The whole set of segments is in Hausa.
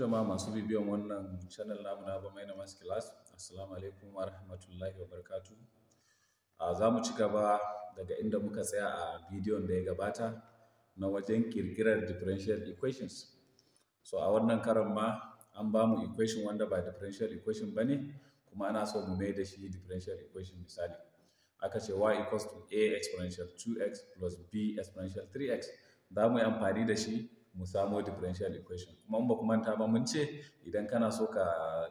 jama'a masu bibiyan wannan channel namu na Bamai na Mass Class. Assalamu alaikum wa rahmatullahi wa barakatu. Za mu ci gaba daga inda muka tsaya a bidiyon da ya gabata na wajen kirkirar differential equations. So a wannan karan ma an ba mu equation wanda ba differential equation ba ne kuma ana so mu mai da shi differential equation misali. Aka ce y equals to a exponential 2x plus b exponential 3x. Za mu yi amfani da shi mu samo differential equation kuma in ba ku manta ba mun ce idan kana so ka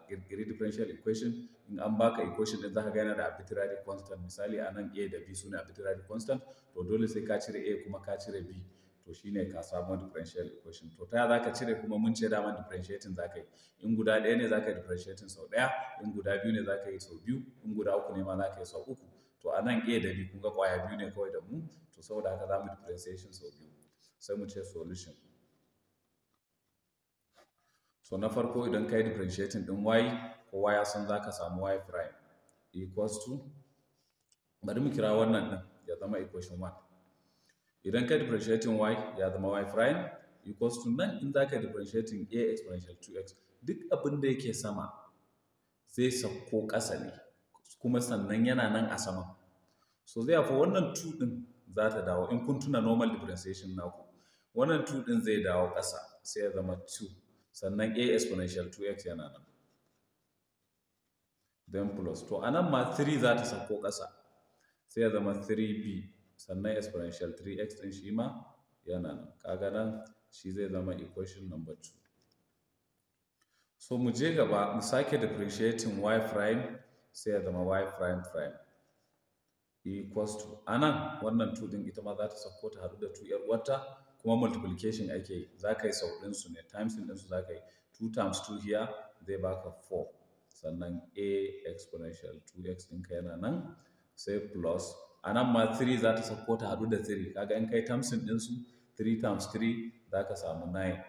kirkiri differential equation in an baka equation din zaka ga yana da arbitrary constant misali a nan a da b sune arbitrary constant to dole sai ka cire a kuma ka cire b to shine ka samu differential equation to ta zaka cire kuma mun ce dama differentiating zaka yi in guda ɗaya ne zaka differentiating sau ɗaya in guda biyu ne zaka yi sau biyu in guda uku ne ma zaka yi sau uku to a nan a da b kun ga kwaya biyu ne kawai da mu to saboda haka zamu differentiation sau biyu sai mu ce solution so na farko idan ka yi differentiating ɗin y kowa ya san za ka samu y prime equals to bari mu kira wannan ɗin ya zama equation 1 idan ka yi differentiating y ya zama y prime equals to nan in za ka differentiating a exponential 2x duk abin da yake sama zai sauko ƙasa ne kuma sannan yana nan a sama so zai hafa wannan 2 ɗin za ta dawo in kun tuna normal differentiation naku wannan 2 ɗin zai dawo ƙasa sai ya zama 2 sannan a exponential 2x yana nan then plus to anan ma 3 za ta sauko ƙasa sai ya zama 3b sannan exponential 3x ɗin shi ma yana nan kaga nan shi zai zama equation number 2 so mu je gaba mu sake differentiating y prime sai ya zama y prime prime equals to anan wannan 2 din ita ma za ta sauko ta haɗu da 2 yar wata kuma multiplication ake yi za ka yi sau ɗinsu ne times ɗin ɗinsu za ka yi 2 times 2 here zai baka 4 sannan a exponential 2x ɗinka yana nan sai plus a nan ma 3 za ta sauko ta haɗu da 3 kaga in kai times ɗin ɗinsu 3 times 3 za ka samu 9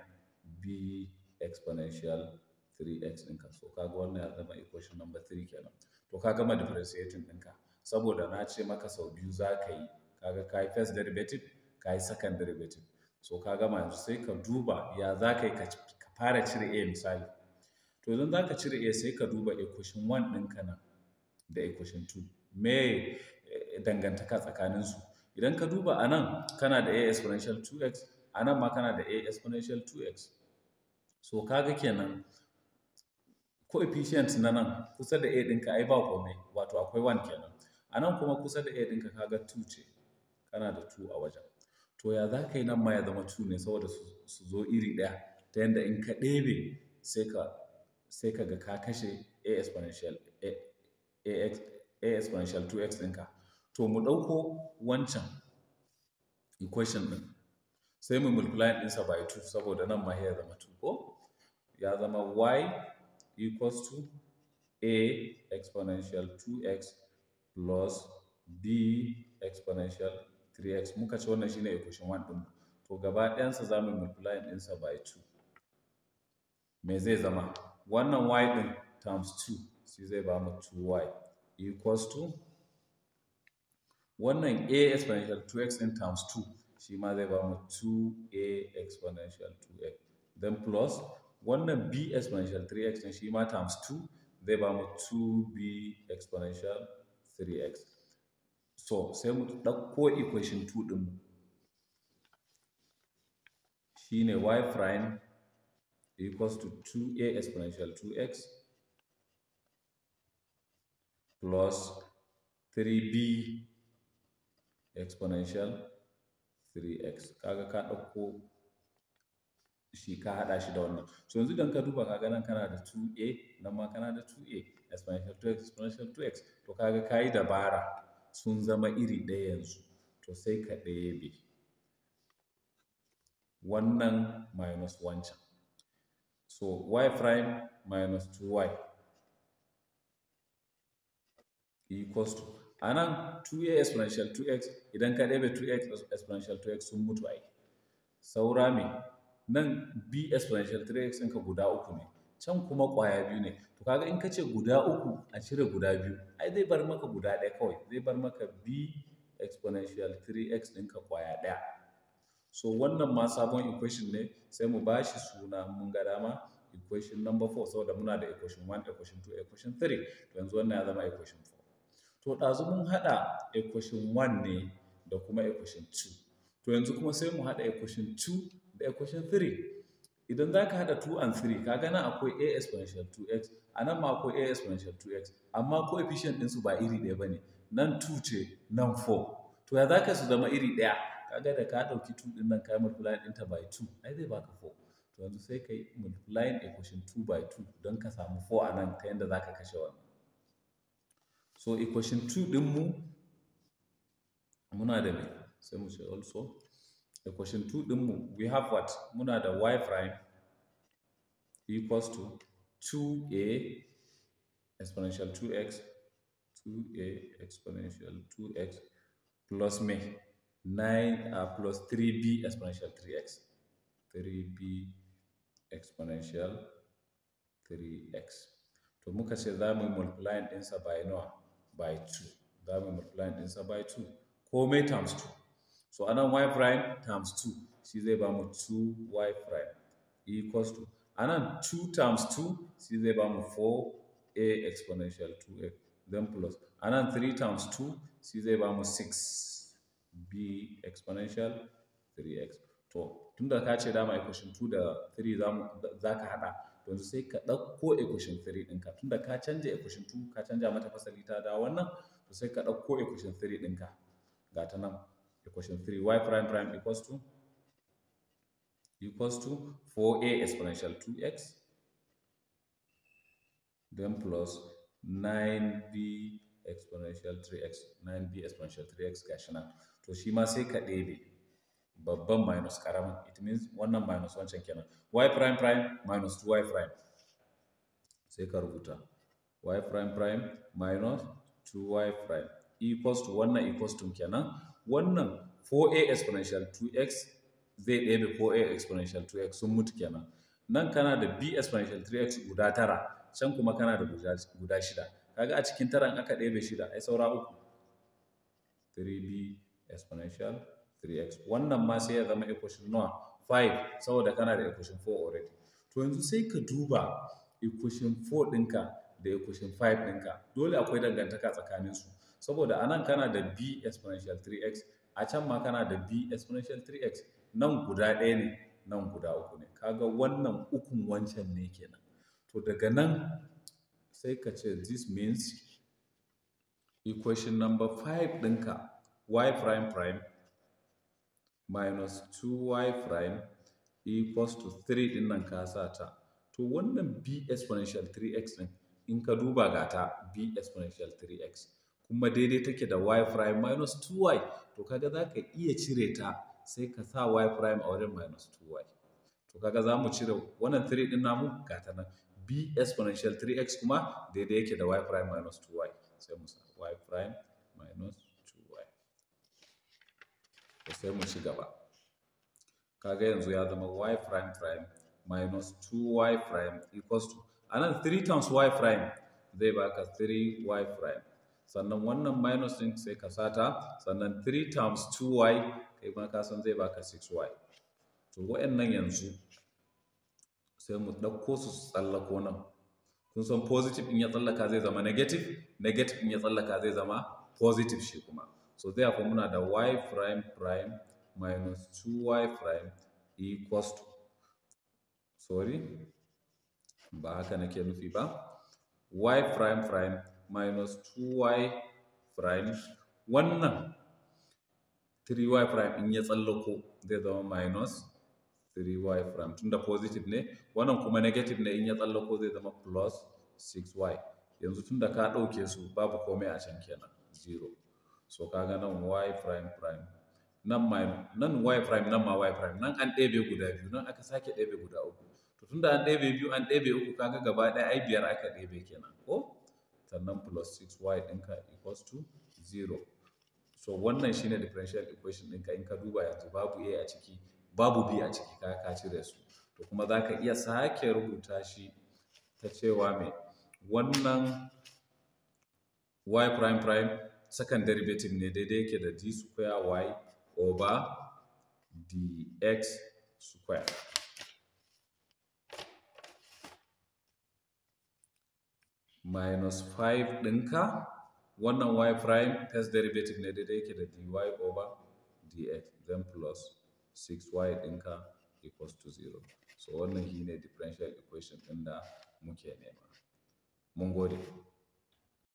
b exponential 3x ɗinka so kaga wannan ya zama equation number 3 kenan to ka gama differentiating ɗinka saboda na ce maka sau biyu za ka yi kaga ka yi first derivative ka yi second derivative so ka gama yanzu sai ka duba ya za ka yi ka fara cire a misali to idan za ka cire a sai ka duba equation 1 ɗinka nan da equation 2 me eh, dangantaka tsakaninsu idan ka duba a nan kana da a exponential 2x a nan ma kana da a exponential 2x so kaga kenan coefficient na nan kusa da a ɗinka ai ba komai wato akwai 1 kenan a nan kuma kusa da a ɗinka kaga 2 ce kana da 2 a wajen to ya za ka yi nan ma ya zama cu ne saboda su zo iri ɗaya ta yadda in ka ɗebe sai ka ga ka kashe a exponential 2x ɗinka to mu ɗauko wancan equation ɗin sai mu multiply ɗinsa by 2 saboda nan ma ya zama 2 ko ya zama y equals to a exponential 2x plus b exponential 3x muka ce wannan shine equation 1 din to gaba ɗayan za mu multiply sa by 2 me zai zama wannan y ɗin times 2 shi zai ba mu 2y equals to wannan a exponential 2x in times 2 shi ma zai ba mu 2a exponential 2x then plus wannan b exponential 3x din shi ma times 2 zai ba mu 2b exponential 3x so sai mu ɗauko equation 2 ɗin shine y prime equals to 2a exponential 2x plus 3b exponential 3x kaga ka ɗauko shi ka haɗa shi da wannan so yanzu idan ka duba kaga nan kana da 2a nan ma kana da 2a exponential 2x exponential 2x to kaga ka yi dabara sun zama iri ɗaya yanzu to sai ka ɗebe wannan minus wancan so y prime minus 2y equals to a nan 2a exponential 2x idan ka ɗebe 2x exponential 2x sun mutu ai saura me nan b exponential 3x ɗinka guda uku ne can kuma ƙwaya biyu ne to kaga in ka ce guda uku a cire guda biyu ai zai bar maka guda ɗaya kawai zai bar maka b exponential 3x ɗinka ƙwaya ɗaya so wannan ma sabon equation ne sai mu ba shi suna mun ga dama equation number 4 saboda muna da equation 1 equation 2 equation 3 to yanzu wannan ya zama equation 4 to ɗazu mun haɗa equation 1 ne da kuma equation 2 to yanzu kuma sai mu haɗa equation 2 da equation 3 idan za ka haɗa 2 and 3 ka gana akwai a exponential 2x a nan ma akwai a exponential 2x amma coefficient ɗinsu ba iri ɗaya ba ne nan 2 ce nan 4 to ya za ka su zama iri ɗaya ka da ka ɗauki 2 ɗin nan ka yi multiply ɗinta by 2 ai zai baka 4 to yanzu sai ka yi multiplying equation 2 by 2 don ka samu 4 a nan ta yadda za ka kashe wannan so equation 2 ɗinmu muna da me sai mu ce also The question 2 ɗinmu we have what muna da y prime equals to 2a exponential 2x 2a exponential 2x plus me 9 uh, plus 3b exponential 3x 3b exponential 3x to muka ce za mu multiply multiplying ɗinsa by nawa by 2 za mu multiply multiplying ɗinsa by 2 komai times 2 So anan y prime times 2 shi zai ba mu 2y prime e equals to a nan 2 times 2 shi zai ba mu 4a exponential 2a then plus a nan 3 times 2 shi zai ba mu 6b exponential 3x to tun da ka ce dama equation 2 da 3 za ka hada yanzu sai ka ɗauko equation 3 ɗinka tun da ka canja equation 2 ka canja mata fasali ta da wannan to sai ka ɗauko equation 3 ɗinka ga ta nan equation 3 y prime prime equals to equals to 4a exponential 2x then plus 9b exponential 3x 9b exponential 3x gashi nan to shi ma sai ka ɗebe babban minus karamin it means wannan minus wancan kenan y prime prime minus 2y prime sai ka rubuta y prime prime minus 2y prime equals to wannan equals to kenan wannan 4a exponential 2x zai ɗebe 4a exponential 2x sun mutu kenan nan kana da b exponential 3x guda tara can kuma kana da guda shida kaga a cikin taran aka ɗebe shida ai saura uku 3b exponential 3x wannan ma sai ya zama equation nawa 5 saboda kana da equation 4 already to yanzu sai ka duba equation 4 ɗinka da equation 5 ɗinka dole akwai dangantaka tsakaninsu saboda a nan kana da b exponential 3x a can ma kana da b exponential 3x nan guda ɗaya ne nan guda uku ne kaga wannan ukun wancan ne kenan to daga nan sai ka ce this means equation number 5 ɗinka y prime prime minus 2y prime equals to 3 ɗin nan ka sa ta to wannan b exponential 3x ɗin in ka duba ga ta b exponential 3x kuma daidai take da y prime minus 2y to kaga za ka iya cire ta sai ka sa y prime a wajen minus 2y to kaga za mu cire wannan 3 din namu ga ta nan b exponential 3x kuma daidai yake da y prime minus 2y sai mu sa y prime minus 2y to sai mu ci gaba kaga yanzu ya zama y prime prime minus 2y prime equals to anan 3 times y prime zai baka 3y prime sannan wannan minus ɗin sai ka sata sannan 3 times 2y kai ma ka san zai baka 6y to wa'annan yanzu sai mu ɗauko su su tsallako nan kun san positive in ya tsallaka zai zama negative negative in ya tsallaka zai zama positive shi kuma so therefore muna da y prime prime minus 2y prime equals to sorry ba haka nake nufi ba y prime prime minus 2y prime wannan 3y prime in ya tsallako zai zama minus 3y prime tunda positive ne wannan kuma negative ne in ya tsallako zai zama plus 6y yanzu tunda ka ɗauke su babu komai a can kenan zero so kaga nan y prime prime nan y prime nan ma y prime nan an ɗebe guda biyu nan aka sake ɗebe guda uku to tunda an ɗebe biyu an ɗebe uku kaga gaba ɗaya ai biyar aka ɗebe kenan ko sannan plus 6y ɗinka equals to 0 so wannan shine differential equation ɗinka in ka duba yanzu babu a a ciki babu b a ciki ka ka cire su to kuma za ka iya sake rubuta shi ta cewa mai wannan y prime prime second derivative ne daidai yake da d square y over dx square minus 5 ɗinka wannan y prime first derivative ne daidai yake da dy over dx then plus 6y ɗinka equals to 0 so wannan shine differential equation ɗin da muke nema mun gode